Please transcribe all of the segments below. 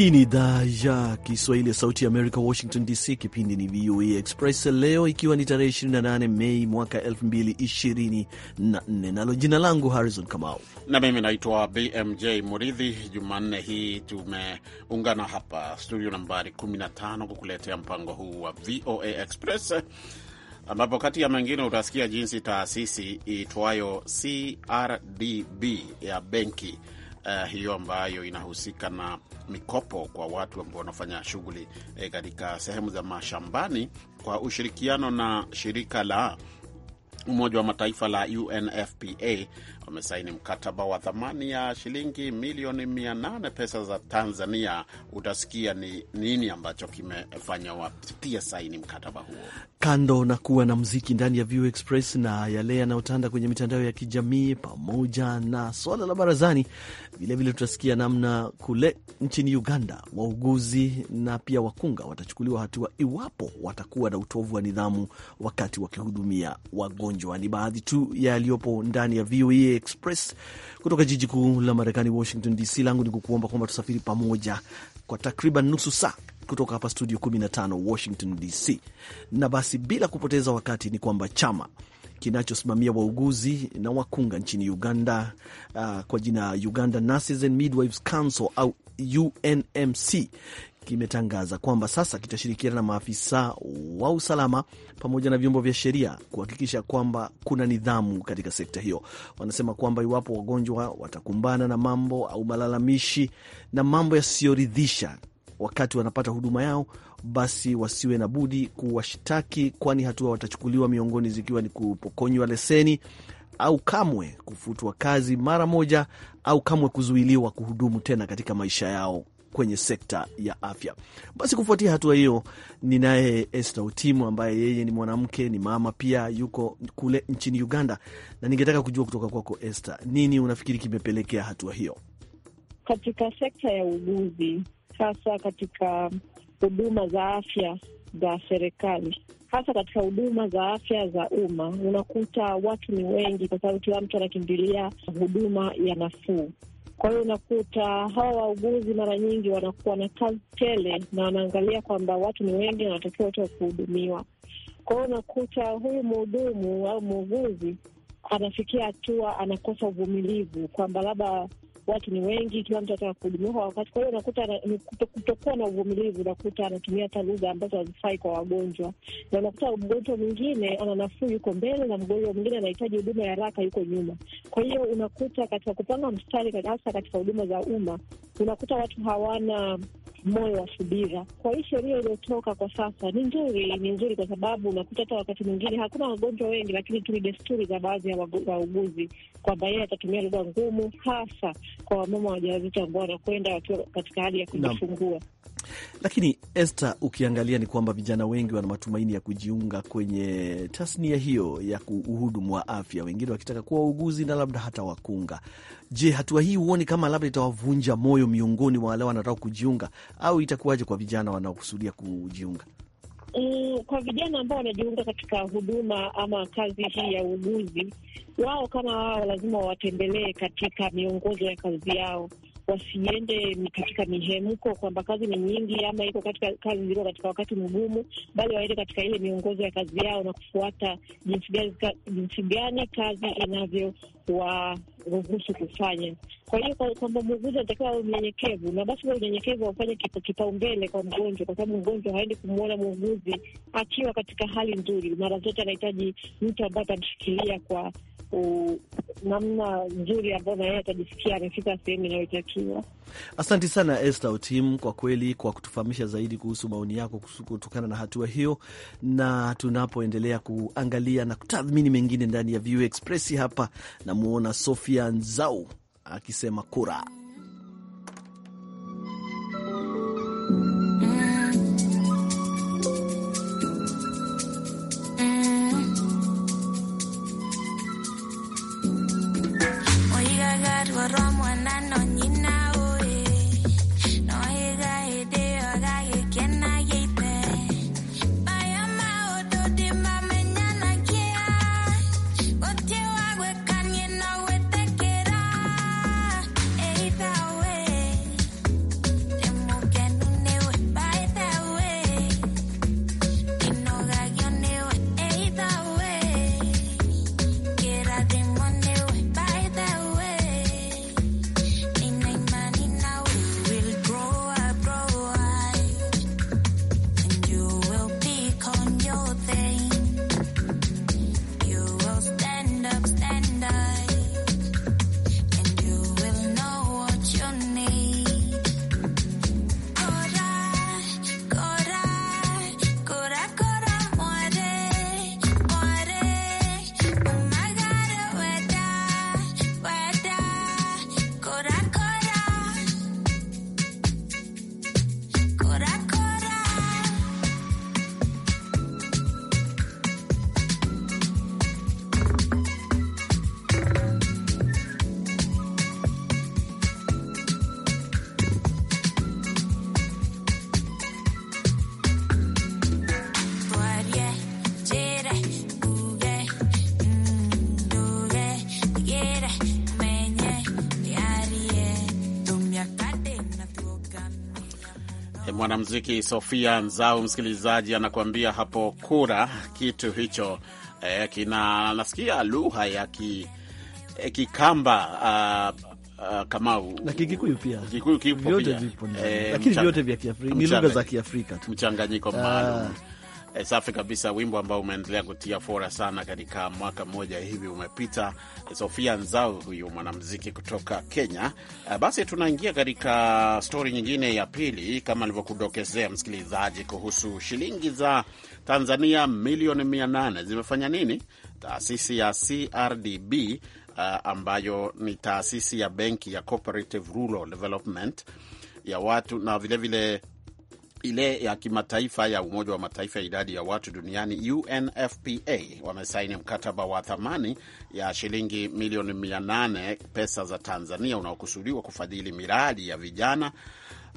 Hii ni idhaa ya Kiswahili ya Sauti ya Amerika, Washington DC. Kipindi ni VOA Express, leo ikiwa ni tarehe 28 Mei mwaka 2024, nalo jina langu Harrison Kamau na mimi naitwa BMJ Muridhi. Jumanne hii tumeungana hapa studio nambari 15 kukuletea mpango huu wa VOA Express ambapo kati ya mengine utasikia jinsi taasisi iitwayo CRDB ya benki uh, hiyo ambayo inahusika na mikopo kwa watu ambao wanafanya shughuli eh, katika eh, sehemu za mashambani kwa ushirikiano na shirika la Umoja wa Mataifa la UNFPA wamesaini mkataba wa thamani ya shilingi milioni 800 pesa za Tanzania. Utasikia ni nini ambacho kimefanya watia saini mkataba huo. Kando na kuwa na mziki ndani ya View Express na yale yanayotanda kwenye mitandao ya kijamii pamoja na swala la barazani, vilevile tutasikia namna kule nchini Uganda wauguzi na pia wakunga watachukuliwa hatua iwapo watakuwa na utovu wa nidhamu wakati wakihudumia wagonjwa magonjwa ni baadhi tu yaliyopo ndani ya VOA Express kutoka jiji kuu la Marekani, Washington DC. Langu ni kukuomba kwamba tusafiri pamoja kwa takriban nusu saa kutoka hapa studio 15 Washington DC. Na basi bila kupoteza wakati ni kwamba chama kinachosimamia wauguzi na wakunga nchini Uganda uh, kwa jina Uganda Nurses and Midwives Council au UNMC kimetangaza kwamba sasa kitashirikiana na maafisa wa usalama pamoja na vyombo vya sheria kuhakikisha kwamba kuna nidhamu katika sekta hiyo. Wanasema kwamba iwapo wagonjwa watakumbana na mambo au malalamishi na mambo yasiyoridhisha wakati wanapata huduma yao, basi wasiwe na budi kuwashtaki, kwani hatua watachukuliwa miongoni zikiwa ni kupokonywa leseni au kamwe kufutwa kazi mara moja au kamwe kuzuiliwa kuhudumu tena katika maisha yao kwenye sekta ya afya. Basi kufuatia hatua hiyo, ninaye Esther Otimu ambaye yeye ni mwanamke, ni mama pia, yuko kule nchini Uganda, na ningetaka kujua kutoka kwako Esther, nini unafikiri kimepelekea hatua hiyo katika sekta ya uuguzi, hasa katika huduma za afya za serikali, hasa katika huduma za afya za umma? Unakuta watu ni wengi, kwa sababu kila mtu anakimbilia huduma ya nafuu kwa hiyo unakuta hawa wauguzi mara nyingi wanakuwa na kazi tele, na wanaangalia kwamba watu ni wengi wanatakiwa wote wakuhudumiwa. Kwa hiyo unakuta huyu mhudumu au muuguzi anafikia hatua anakosa uvumilivu kwamba labda watu ni wengi, kila mtu anataka kuhudumiwa kwa wakati. Kwa hiyo unakuta kutokuwa na uvumilivu, unakuta anatumia hata lugha ambazo hazifai kwa wagonjwa, na unakuta mgonjwa mwingine ana nafuu, yuko mbele, na mgonjwa mwingine anahitaji huduma ya haraka, yuko nyuma. Kwa hiyo unakuta katika kupanga mstari, hasa katika huduma za umma, unakuta watu hawana moyo wa subira. Kwa hii sheria iliyotoka kwa sasa ni nzuri, ni nzuri kwa sababu unakuta hata wakati mwingine hakuna wagonjwa wengi, lakini tu ni desturi za baadhi ya wauguzi kwamba yeye atatumia lugha ngumu hasa kwa wamama wajawazito ambao wanakwenda wakiwa katika hali ya kujifungua. Lakini Esther, ukiangalia ni kwamba vijana wengi wana matumaini ya kujiunga kwenye tasnia hiyo ya uhudumu wa afya, wengine wakitaka kuwa wauguzi na labda hata wakunga. Je, hatua hii huoni kama labda itawavunja moyo miongoni mwa wale wanataka kujiunga, au itakuwaje kwa vijana wanaokusudia kujiunga? Mm, kwa vijana ambao wanajiunga katika huduma ama kazi hii ya uuguzi, wao kama wao lazima wawatembelee katika miongozo ya kazi yao wasiende katika mihemko kwamba kazi ni nyingi ama iko katika kazi ziko katika wakati mgumu, bali waende katika ile miongozo ya kazi yao na kufuata jinsi gani, jinsi gani kazi inavyowaruhusu kufanya. Kwa hiyo kwamba muuguzi anatakiwa awe mnyenyekevu, na basi unyenyekevu aufanye kipaumbele kwa mgonjwa, kwa sababu mgonjwa haendi kumwona muuguzi akiwa katika hali nzuri. Mara zote anahitaji mtu ambaye atamshikilia kwa namna nzuri ambayo na yeye atajisikia amefika sehemu inayotakiwa. asanti sana Esther Otim, kwa kweli kwa kutufahamisha zaidi kuhusu maoni yako kutokana na hatua hiyo, na tunapoendelea kuangalia na kutathmini mengine ndani ya VOA Express hapa, namwona Sofia Nzau akisema kura mwanamziki Sofia Nzau, msikilizaji anakuambia hapo kura kitu hicho eh, kina nasikia lugha ya ki, eh, Kikamba uh, Uh, Kamau na Kikikuyu pia, Kikuyu kipo vyote pia. Vipo, e, lakini vyote vya Kiafrika ni lugha za Kiafrika tu, mchanganyiko ah. maalum E, safi kabisa. Wimbo ambao umeendelea kutia fora sana katika mwaka mmoja hivi umepita. Eh, Sofia Nzau huyu mwanamuziki kutoka Kenya. E, basi tunaingia katika stori nyingine ya pili, kama alivyokudokezea msikilizaji, kuhusu shilingi za Tanzania milioni 800 zimefanya nini? Taasisi ya CRDB uh, ambayo ni taasisi ya benki ya Cooperative Rural Development ya watu na vilevile ile ya kimataifa ya Umoja wa Mataifa ya idadi ya watu duniani UNFPA wamesaini mkataba wa thamani ya shilingi milioni 800 pesa za Tanzania unaokusudiwa kufadhili miradi ya vijana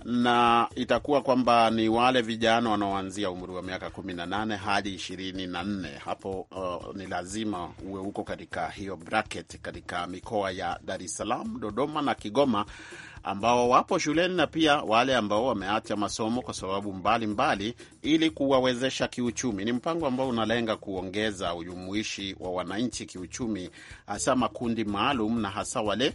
na itakuwa kwamba ni wale vijana wanaoanzia umri wa miaka 18 hadi 24. Hapo uh, ni lazima uwe huko katika hiyo bracket katika mikoa ya Dar es Salaam, Dodoma na Kigoma ambao wapo shuleni na pia wale ambao wameacha masomo kwa sababu mbalimbali ili kuwawezesha kiuchumi. Ni mpango ambao unalenga kuongeza ujumuishi wa wananchi kiuchumi, hasa makundi maalum na hasa wale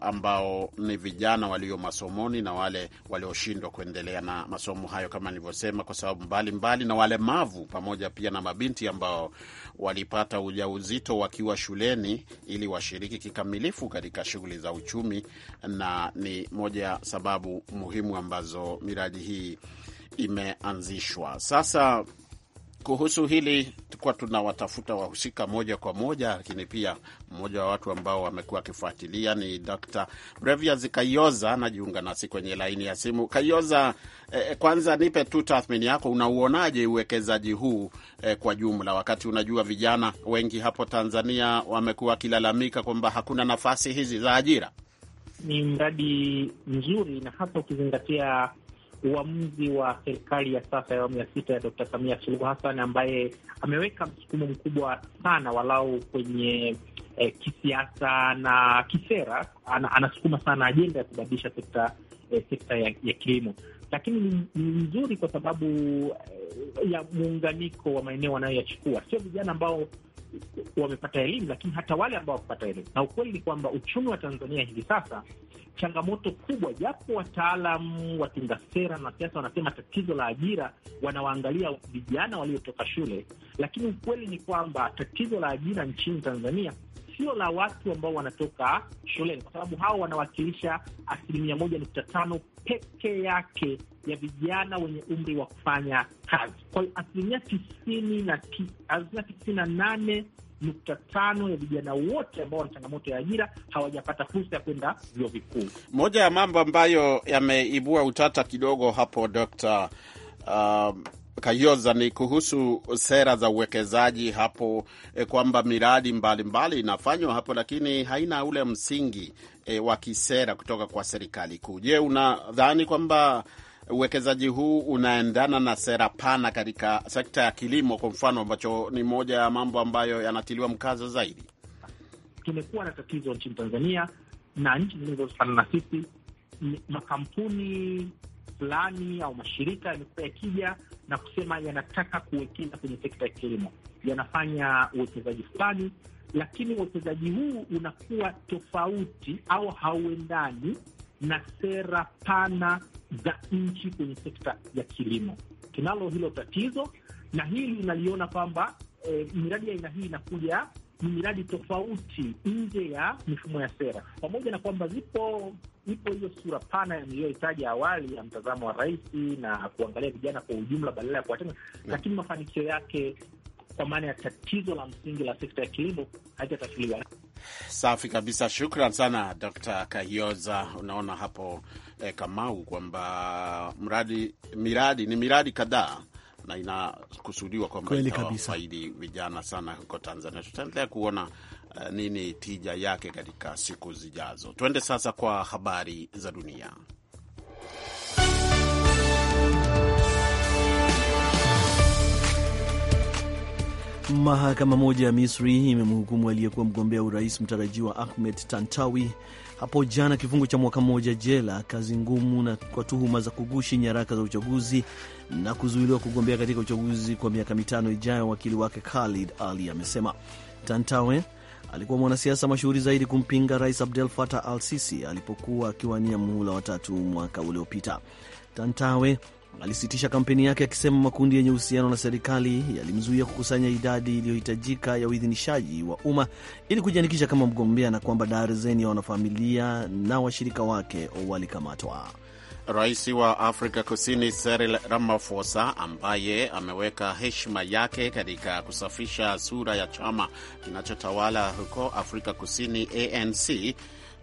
ambao ni vijana walio masomoni na wale walioshindwa kuendelea na masomo hayo, kama nilivyosema, kwa sababu mbalimbali mbali, na walemavu pamoja pia na mabinti ambao walipata ujauzito wakiwa shuleni ili washiriki kikamilifu katika shughuli za uchumi, na ni moja ya sababu muhimu ambazo miradi hii imeanzishwa. Sasa kuhusu hili tuna tunawatafuta wahusika moja kwa moja, lakini pia mmoja wa watu ambao wamekuwa akifuatilia ni Dr. Brevias Kayoza anajiunga nasi kwenye laini ya simu. Kayoza, eh, eh, kwanza nipe tu tathmini yako, unauonaje uwekezaji huu eh, kwa jumla, wakati unajua vijana wengi hapo Tanzania wamekuwa wakilalamika kwamba hakuna nafasi hizi za ajira? Ni mradi mzuri na hasa ukizingatia uamuzi wa serikali ya sasa ya awamu ya sita ya Dkt. Samia Suluhu Hassan ambaye ameweka msukumo mkubwa sana walau kwenye eh, kisiasa na kisera ana, anasukuma sana ajenda ya kubadilisha sekta eh, sekta ya, ya kilimo, lakini ni nzuri kwa sababu eh, ya muunganiko wa maeneo wanayoyachukua, sio vijana ambao wamepata elimu, lakini hata wale ambao wakupata elimu. Na ukweli ni kwamba uchumi wa Tanzania hivi sasa changamoto kubwa, japo wataalam watunga sera na siasa wanasema tatizo la ajira, wanawaangalia vijana waliotoka shule, lakini ukweli ni kwamba tatizo la ajira nchini Tanzania sio la watu ambao wanatoka shuleni, kwa sababu hao wanawakilisha asilimia moja nukta tano pekee yake ya vijana wenye umri wa kufanya kazi. Kwa hiyo asilimia tisini na asilimia tisini na nane nukta tano ya vijana wote ambao wana changamoto ya ajira hawajapata fursa ya kwenda vyuo vikuu. Moja ya mambo ambayo yameibua utata kidogo hapo Dr. um, Kayoza, ni kuhusu sera za uwekezaji hapo e, kwamba miradi mbalimbali inafanywa hapo, lakini haina ule msingi e, wa kisera kutoka kwa serikali kuu. Je, unadhani kwamba uwekezaji huu unaendana na sera pana katika sekta ya kilimo kwa mfano, ambacho ni moja ya mambo ambayo yanatiliwa mkazo zaidi? Tumekuwa na tatizo nchini Tanzania na nchi zinazofanana na sisi, makampuni fulani au mashirika yamekuwa yakija na kusema yanataka kuwekeza kwenye sekta ya kilimo, yanafanya uwekezaji fulani, lakini uwekezaji huu unakuwa tofauti au hauendani na sera pana za nchi kwenye sekta ya kilimo. Tunalo hilo tatizo, na hili naliona kwamba eh, miradi ya aina hii inakuja ni miradi tofauti nje ya mifumo ya sera, pamoja na kwamba zipo ipo hiyo sura pana niliyohitaja awali ya mtazamo wa rais na kuangalia vijana kwa ujumla badala ya kuwatenga, lakini mafanikio yake kwa maana ya tatizo la msingi la sekta ya kilimo haijatatuliwa. Safi kabisa, shukran sana Dr. Kahioza. Unaona hapo eh, Kamau, kwamba mradi miradi ni miradi kadhaa na inakusudiwa kwamba itawafaidi vijana sana huko Tanzania. Tutaendelea kuona uh, nini tija yake katika siku zijazo. Tuende sasa kwa habari za dunia. Mahakama moja ya Misri imemhukumu aliyekuwa mgombea urais mtarajiwa Ahmed Tantawi hapo jana kifungo cha mwaka mmoja jela, kazi ngumu, na kwa tuhuma za kugushi nyaraka za uchaguzi na kuzuiliwa kugombea katika uchaguzi kwa miaka mitano ijayo. Wakili wake Khalid Ali amesema Tantawe alikuwa mwanasiasa mashuhuri zaidi kumpinga rais Abdel Fattah al Sisi alipokuwa akiwania muhula watatu mwaka uliopita. Tantawe alisitisha kampeni yake akisema makundi yenye uhusiano na serikali yalimzuia kukusanya idadi iliyohitajika ya uidhinishaji wa umma ili kujiandikisha kama mgombea na kwamba darzeni ya wanafamilia na washirika wake walikamatwa. Rais wa Afrika Kusini Cyril Ramaphosa, ambaye ameweka heshima yake katika kusafisha sura ya chama kinachotawala huko Afrika Kusini ANC,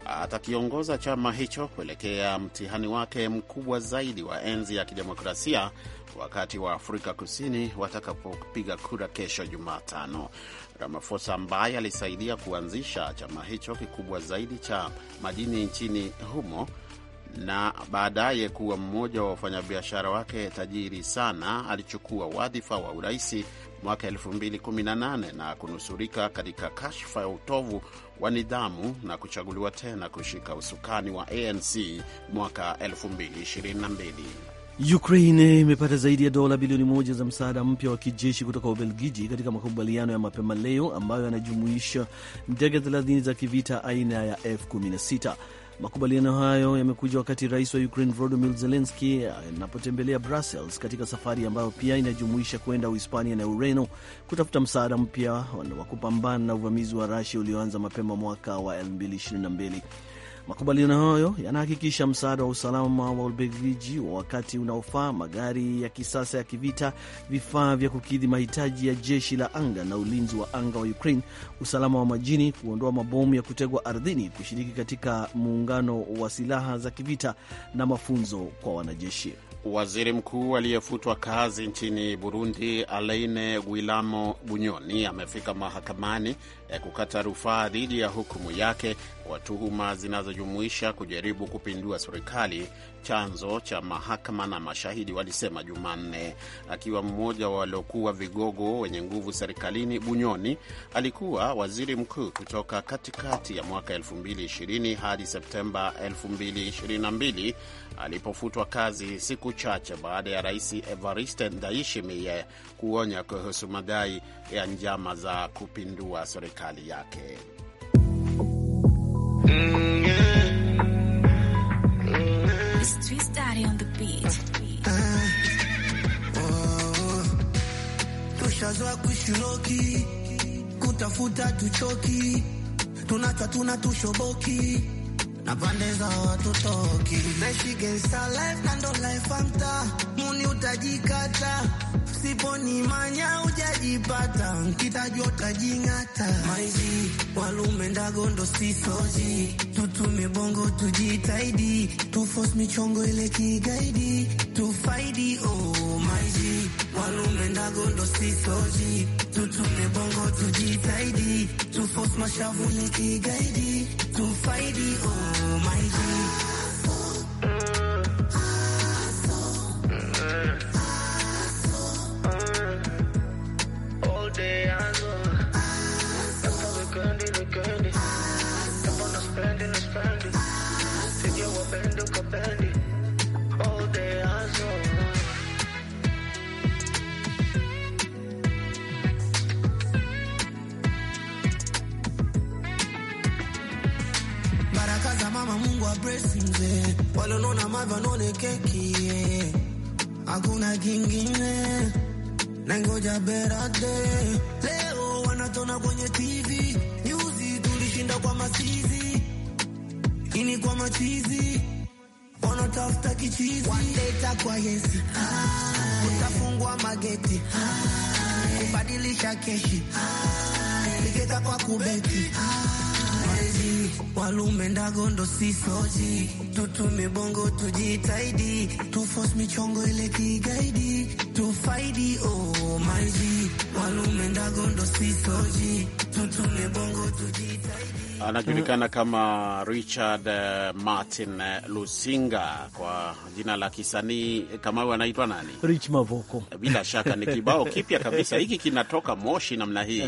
atakiongoza chama hicho kuelekea mtihani wake mkubwa zaidi wa enzi ya kidemokrasia wakati wa Afrika Kusini watakapopiga kura kesho Jumatano. ramafosa ambaye alisaidia kuanzisha chama hicho kikubwa zaidi cha madini nchini humo na baadaye kuwa mmoja wa wafanyabiashara wake tajiri sana, alichukua wadhifa wa uraisi mwaka 2018 na kunusurika katika kashfa ya utovu wa nidhamu na kuchaguliwa tena kushika usukani wa ANC mwaka 2022. Ukraine imepata zaidi ya dola bilioni moja za msaada mpya wa kijeshi kutoka Ubelgiji katika makubaliano ya mapema leo ambayo yanajumuisha ndege 30 za kivita aina ya F16. Makubaliano hayo yamekuja wakati rais wa Ukraine Volodymyr Zelenski anapotembelea Brussels katika safari ambayo pia inajumuisha kwenda Uhispania na Ureno kutafuta msaada mpya wa kupambana na uvamizi wa Rusia ulioanza mapema mwaka wa 2022. Makubaliano hayo yanahakikisha msaada wa usalama wa Ubelgiji wa wakati unaofaa, magari ya kisasa ya kivita, vifaa vya kukidhi mahitaji ya jeshi la anga na ulinzi wa anga wa Ukraine, usalama wa majini, kuondoa mabomu ya kutegwa ardhini, kushiriki katika muungano wa silaha za kivita na mafunzo kwa wanajeshi. Waziri mkuu aliyefutwa kazi nchini Burundi, Alaine guilamo Bunyoni, amefika mahakamani eh, kukata rufaa dhidi ya hukumu yake kwa tuhuma zinazojumuisha kujaribu kupindua serikali chanzo cha mahakama na mashahidi walisema Jumanne, akiwa mmoja wa waliokuwa vigogo wenye nguvu serikalini. Bunyoni alikuwa waziri mkuu kutoka katikati ya mwaka 2020 hadi Septemba 2022 alipofutwa kazi siku chache baada ya rais Evariste Ndayishimiye kuonya kuhusu madai ya njama za kupindua serikali yake. mm -hmm. Tushazoa kuishiroki kutafuta tuchoki, tunatwa tuna tushoboki na pande za watu muni utajikata, siponi manya ujajipata, nkitajua utajingata. Maizi walume ndagondo sisoji, tutume bongo tujitaidi, tufos michongo ile kigaidi, tufaidi oh maizi Walume ndago ndo sisoji, tutume bongo tujitaidi, tufos mashavu ni kigaidi, tufaidi oh my God. Kalume Ndagondo sisoji tutume bongo tujitaidi tufos michongo ile kigaidi tufaidi oh my G Kalume Ndagondo sisoji tutume bongo tujitaidi anajulikana kama Richard eh, Martin eh, Lusinga kwa jina la kisanii eh, kama anaitwa nani, Rich Mavoko. Bila shaka ni kibao kipya kabisa hiki, kinatoka Moshi namna hii,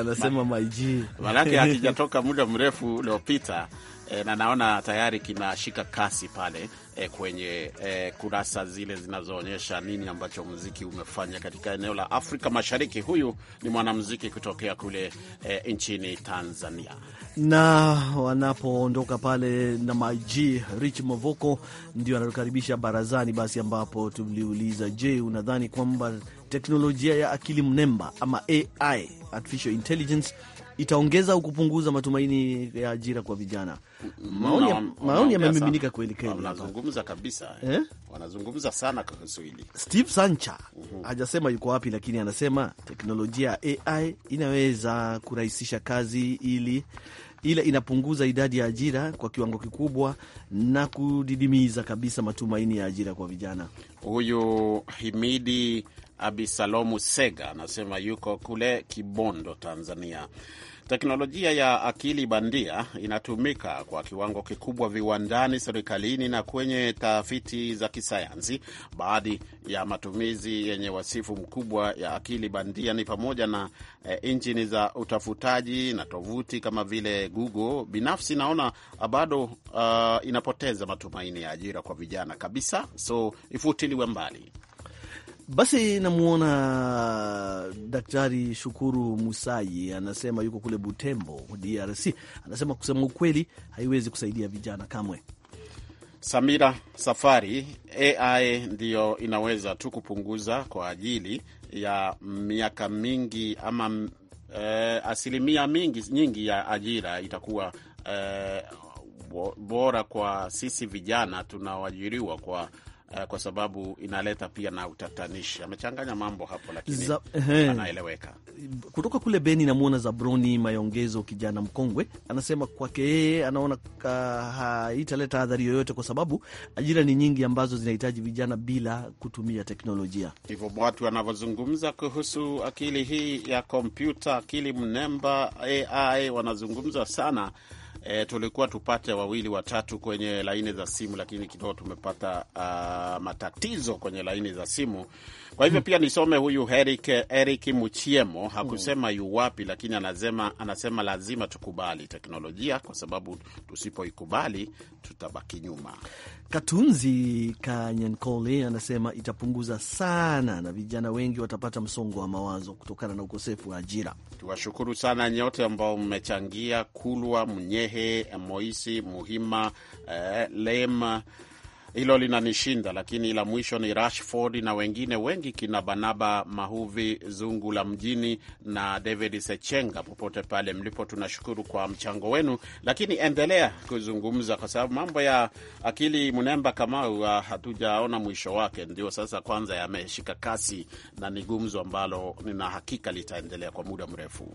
anasema maiji, manake hakijatoka muda mrefu uliopita e, na naona tayari kinashika kasi pale e, kwenye e, kurasa zile zinazoonyesha nini ambacho mziki umefanya katika eneo la Afrika Mashariki. Huyu ni mwanamziki kutokea kule e, nchini Tanzania, na wanapoondoka pale na maji Rich Mavoko ndio anatukaribisha barazani, basi ambapo tuliuliza, je, unadhani kwamba teknolojia ya akili mnemba ama AI, artificial intelligence itaongeza au kupunguza matumaini ya ajira kwa vijana? Maoni yamemiminika kweli kweli, wanazungumza kabisa eh? wanazungumza sana kwa Kiswahili. Steve Sancha mhm. hajasema yuko wapi, lakini anasema teknolojia ya AI inaweza kurahisisha kazi ili ila inapunguza idadi ya ajira kwa kiwango kikubwa na kudidimiza kabisa matumaini ya ajira kwa vijana. Huyu Himidi Abisalomu Sega anasema yuko kule Kibondo, Tanzania. Teknolojia ya akili bandia inatumika kwa kiwango kikubwa viwandani, serikalini na kwenye tafiti za kisayansi. Baadhi ya matumizi yenye wasifu mkubwa ya akili bandia ni pamoja na e, injini za utafutaji na tovuti kama vile Google. Binafsi naona ah, bado uh, inapoteza matumaini ya ajira kwa vijana kabisa, so ifutiliwe mbali. Basi namwona Daktari Shukuru Musai anasema yuko kule Butembo, DRC. Anasema kusema ukweli haiwezi kusaidia vijana kamwe. Samira Safari, AI ndiyo inaweza tu kupunguza kwa ajili ya miaka mingi ama e, asilimia mingi nyingi ya ajira itakuwa e, bora kwa sisi vijana tunaoajiriwa kwa Eh, kwa sababu inaleta pia na utatanishi. Amechanganya mambo hapo, lakini anaeleweka. Kutoka kule Beni namwona Zabroni Mayongezo, kijana mkongwe, anasema kwake yeye anaona haitaleta adhari yoyote, kwa sababu ajira ni nyingi ambazo zinahitaji vijana bila kutumia teknolojia. Hivyo watu wanavyozungumza kuhusu akili hii ya kompyuta, akili mnemba, AI wanazungumza sana E, tulikuwa tupate wawili watatu kwenye laini za simu, lakini kidogo tumepata uh, matatizo kwenye laini za simu. Kwa hivyo pia nisome huyu Eric, Eric Muchiemo hakusema yu wapi, lakini anasema, anasema lazima tukubali teknolojia kwa sababu tusipoikubali tutabaki nyuma. Katunzi Kanyankole anasema itapunguza sana na vijana wengi watapata msongo wa mawazo kutokana na ukosefu wa ajira. Tuwashukuru sana nyote ambao mmechangia kulwa mnyehe Kalehe, Moisi, Muhima, eh, Lema hilo linanishinda, lakini la mwisho ni Rashford na wengine wengi kina Banaba Mahuvi, Zungu la Mjini na David Sechenga. Popote pale mlipo, tunashukuru kwa mchango wenu, lakini endelea kuzungumza, kwa sababu mambo ya akili mnemba Kamau ah, hatujaona mwisho wake. Ndio sasa kwanza yameshika kasi na ni gumzo ambalo nina hakika litaendelea kwa muda mrefu.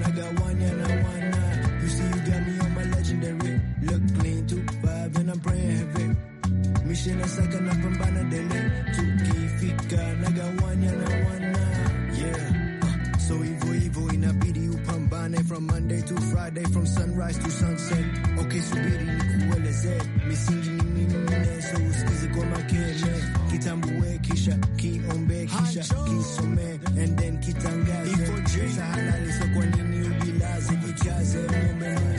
kuishi na saka dele, tukifika nagawanya na wana yeah. Uh, so hivyo hivyo inabidi upambane from Monday to Friday, from sunrise to sunset. Okay, subiri nikueleze misingi ni minne, so usikize kwa makele, kitambue kisha kiombe kisha kisome and then kitangaze, halali so kwa nini ubilaze, kijaze mombe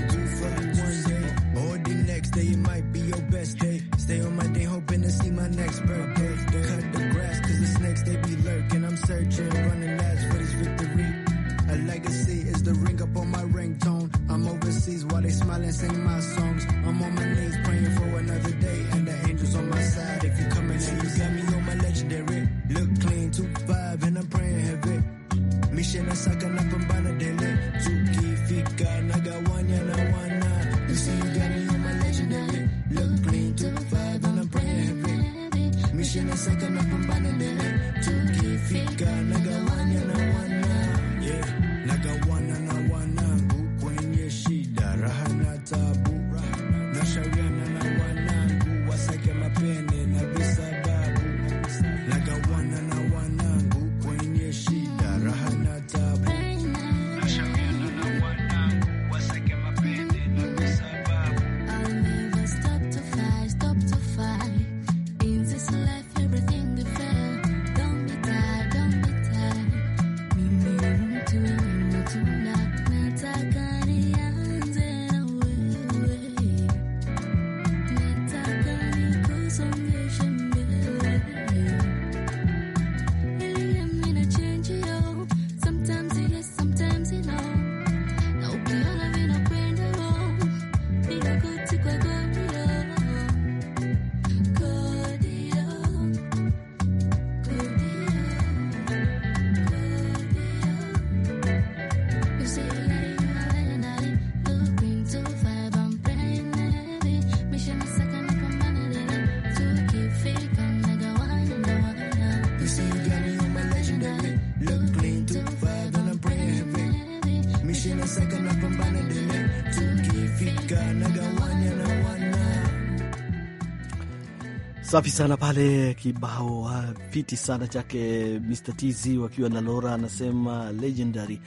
Safi sana pale kibao ah, fiti sana chake Mr TZ wakiwa na Lora anasema legendary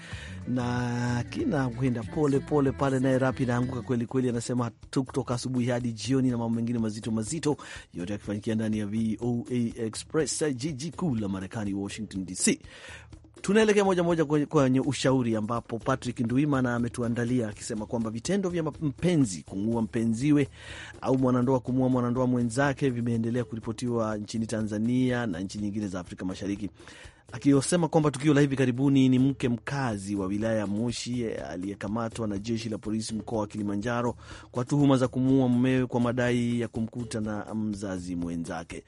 na kina kwenda pole pole pale, naye rapi inaanguka kweli kweli, anasema tu kutoka asubuhi hadi jioni, na mambo mengine mazito mazito, yote yakifanyikia ndani ya VOA Express, jiji kuu la Marekani, Washington DC. Tunaelekea moja moja kwenye ushauri ambapo Patrick Nduimana ametuandalia akisema kwamba vitendo vya mpenzi kumuua mpenziwe au mwanandoa kumuua mwanandoa mwenzake vimeendelea kuripotiwa nchini Tanzania na nchi nyingine za Afrika Mashariki akiyosema kwamba tukio la hivi karibuni ni mke mkazi wa wilaya ya Moshi eh, aliyekamatwa na jeshi la polisi mkoa wa Kilimanjaro kwa tuhuma za kumuua mumewe kwa madai ya kumkuta na mzazi mwenzake.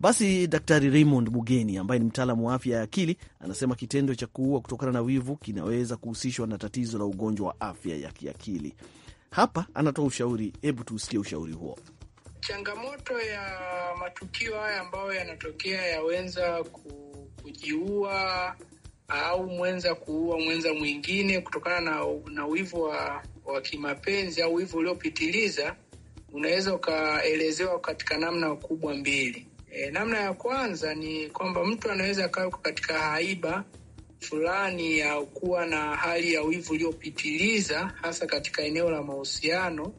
Basi Daktari Raymond Mugeni ambaye ni mtaalamu wa afya ya akili anasema kitendo cha kuua kutokana na wivu kinaweza kuhusishwa na tatizo la ugonjwa wa afya ya kiakili. Hapa anatoa ushauri, hebu tuusikie ushauri huo. Changamoto ya matukio haya ambayo yanatokea yaweza ku kujiua au mwenza kuua mwenza mwingine kutokana na, na wivu wa, wa kimapenzi au wivu uliopitiliza unaweza ukaelezewa katika namna kubwa mbili. E, namna ya kwanza ni kwamba mtu anaweza akawa katika haiba fulani ya kuwa na hali ya wivu uliopitiliza hasa katika eneo la mahusiano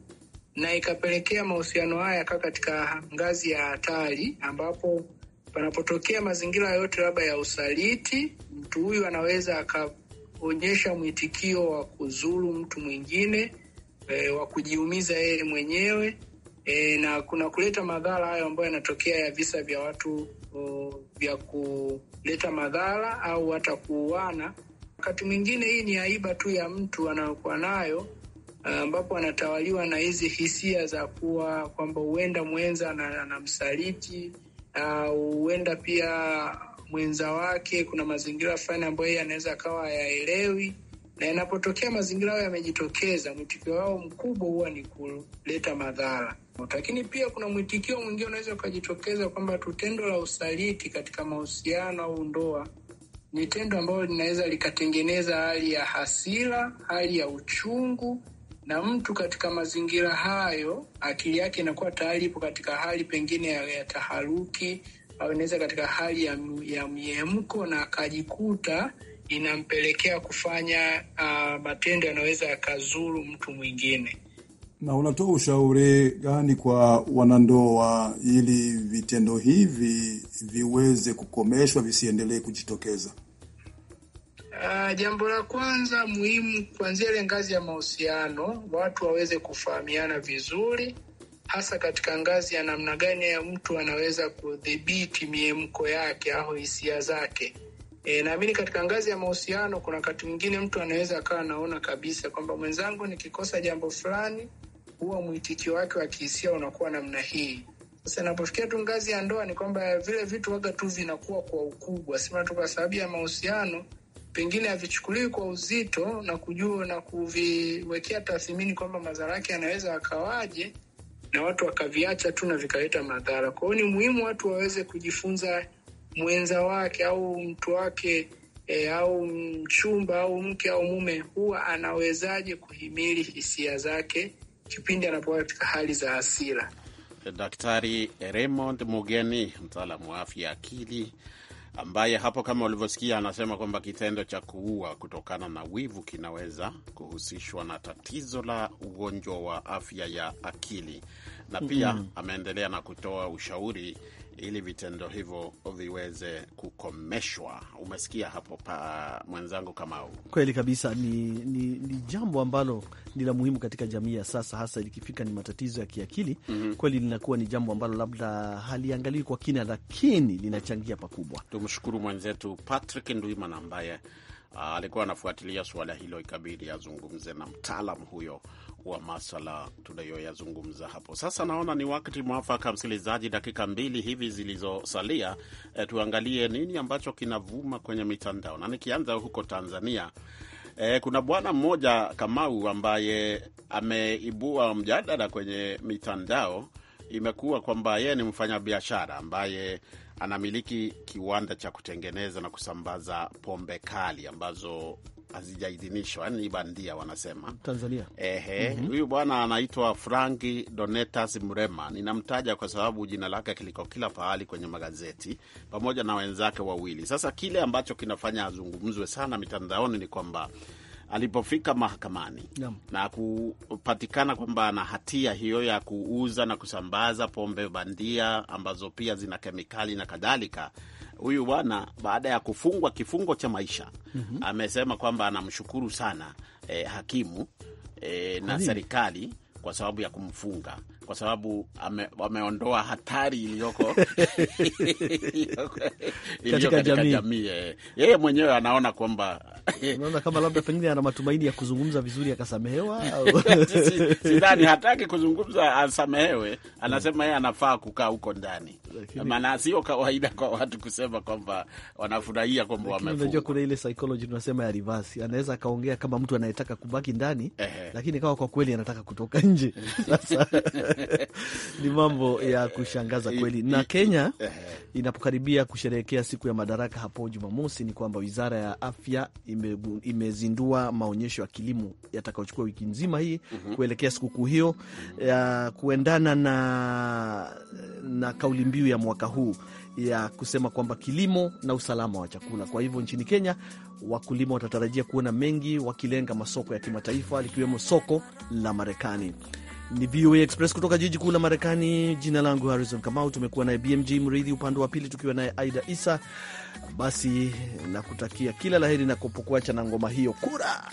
na ikapelekea mahusiano haya yakawa katika ngazi ya hatari ambapo panapotokea mazingira yote labda ya usaliti, mtu huyu anaweza akaonyesha mwitikio wa kuzuru mtu mwingine e, wa kujiumiza yeye mwenyewe e, na kuna kuleta madhara hayo ambayo yanatokea ya visa vya watu o, vya kuleta madhara au hata kuuana. Wakati mwingine hii ni aiba tu ya mtu anayokuwa nayo e, ambapo anatawaliwa na hizi hisia za kuwa kwamba huenda mwenza anamsaliti na Ah, huenda uh, pia mwenza wake, kuna mazingira fulani ambayo yeye anaweza akawa hayaelewi, na inapotokea mazingira hayo yamejitokeza, mwitikio wao mkubwa huwa ni kuleta madhara. Lakini pia kuna mwitikio mwingine unaweza ukajitokeza kwamba tu tendo la usaliti katika mahusiano au ndoa ni tendo ambalo linaweza likatengeneza hali ya hasira, hali ya uchungu na mtu katika mazingira hayo akili yake inakuwa tayari ipo katika hali pengine ya, ya taharuki au inaweza katika hali ya, ya miemko na akajikuta inampelekea kufanya uh, matendo yanaweza yakazuru mtu mwingine. Na unatoa ushauri gani kwa wanandoa ili vitendo hivi viweze kukomeshwa visiendelee kujitokeza? Uh, jambo la kwanza muhimu kuanzia ile ngazi ya mahusiano, watu waweze kufahamiana vizuri, hasa katika ngazi ya namna gani ya mtu anaweza kudhibiti miemko yake au hisia zake. E, naamini katika ngazi ya mahusiano kuna wakati mwingine mtu anaweza akawa anaona kabisa kwamba mwenzangu nikikosa jambo fulani huwa mwitikio wake wa kihisia unakuwa namna hii. Sasa inapofikia tu ngazi ya ndoa, ni kwamba vile vitu waga tu vinakuwa kwa ukubwa, sima tu kwa sababu ya mahusiano pengine havichukuliwi kwa uzito na kujua na kuviwekea tathmini kwamba madhara yake yanaweza akawaje, na watu wakaviacha tu na vikaleta madhara. Kwa hiyo ni muhimu watu waweze kujifunza mwenza wake au mtu wake E, au mchumba au mke au mume huwa anawezaje kuhimili hisia zake kipindi anapokuwa katika hali za hasira. Daktari Raymond Mugeni, mtaalamu wa afya akili ambaye hapo kama ulivyosikia anasema kwamba kitendo cha kuua kutokana na wivu kinaweza kuhusishwa na tatizo la ugonjwa wa afya ya akili na pia mm -hmm. ameendelea na kutoa ushauri ili vitendo hivyo viweze kukomeshwa. Umesikia hapo pa mwenzangu Kamau, kweli kabisa. Ni, ni, ni jambo ambalo ni la muhimu katika jamii ya sasa, hasa likifika ni matatizo ya kiakili mm -hmm. Kweli linakuwa ni jambo ambalo labda haliangaliwi kwa kina, lakini linachangia pakubwa. Tumshukuru mwenzetu Patrick Nduiman ambaye ah, alikuwa anafuatilia suala hilo, ikabidi azungumze na mtaalam huyo wa maswala tunayoyazungumza hapo. Sasa naona ni wakati mwafaka, msikilizaji, dakika mbili hivi zilizosalia, e, tuangalie nini ambacho kinavuma kwenye mitandao, na nikianza huko Tanzania. E, kuna bwana mmoja Kamau ambaye ameibua mjadala kwenye mitandao, imekuwa kwamba yeye ni mfanyabiashara ambaye anamiliki kiwanda cha kutengeneza na kusambaza pombe kali ambazo hazijaidhinishwa, yani ni bandia wanasema Tanzania. Ehe, mm huyu -hmm. bwana anaitwa Franki Donetas Mrema. Ninamtaja kwa sababu jina lake kiliko kila pahali kwenye magazeti pamoja na wenzake wawili. Sasa kile ambacho kinafanya azungumzwe sana mitandaoni ni kwamba alipofika mahakamani yeah, na kupatikana kwamba ana hatia hiyo ya kuuza na kusambaza pombe bandia ambazo pia zina kemikali na kadhalika, huyu bwana baada ya kufungwa kifungo cha maisha mm -hmm. amesema kwamba anamshukuru sana eh, hakimu eh, na serikali kwa sababu ya kumfunga, kwa sababu wameondoa ame, hatari iliyoko katika jamii. Jamii eh, yeye mwenyewe anaona kwamba naona kama labda pengine ana matumaini ya kuzungumza vizuri akasamehewa. Sidhani si hataki kuzungumza asamehewe, anasema yeye anafaa kukaa huko ndani, maana sio kawaida kwa watu kusema kwamba wanafurahia kwamba wamefungwa. Unajua kuna ile psychology tunasema ya reverse, anaweza akaongea kama mtu anayetaka kubaki ndani, lakini kawa kwa kweli anataka kutoka nje nje. Sasa ni mambo ya kushangaza kweli. Na Kenya inapokaribia kusherehekea siku ya madaraka hapo Jumamosi, ni kwamba wizara ya afya ime, imezindua maonyesho ya kilimo yatakayochukua wiki nzima hii mhm. kuelekea sikukuu hiyo ya kuendana na, na kauli mbiu ya mwaka huu ya kusema kwamba kilimo na usalama wa chakula. Kwa hivyo nchini Kenya wakulima watatarajia kuona mengi wakilenga masoko ya kimataifa likiwemo soko la Marekani. Ni VOA Express kutoka jiji kuu la Marekani. Jina langu Harrison Kamau, tumekuwa naye BMG Mridhi upande wa pili, tukiwa naye Aida Isa. Basi nakutakia kila laheri kupokuacha na ngoma hiyo kura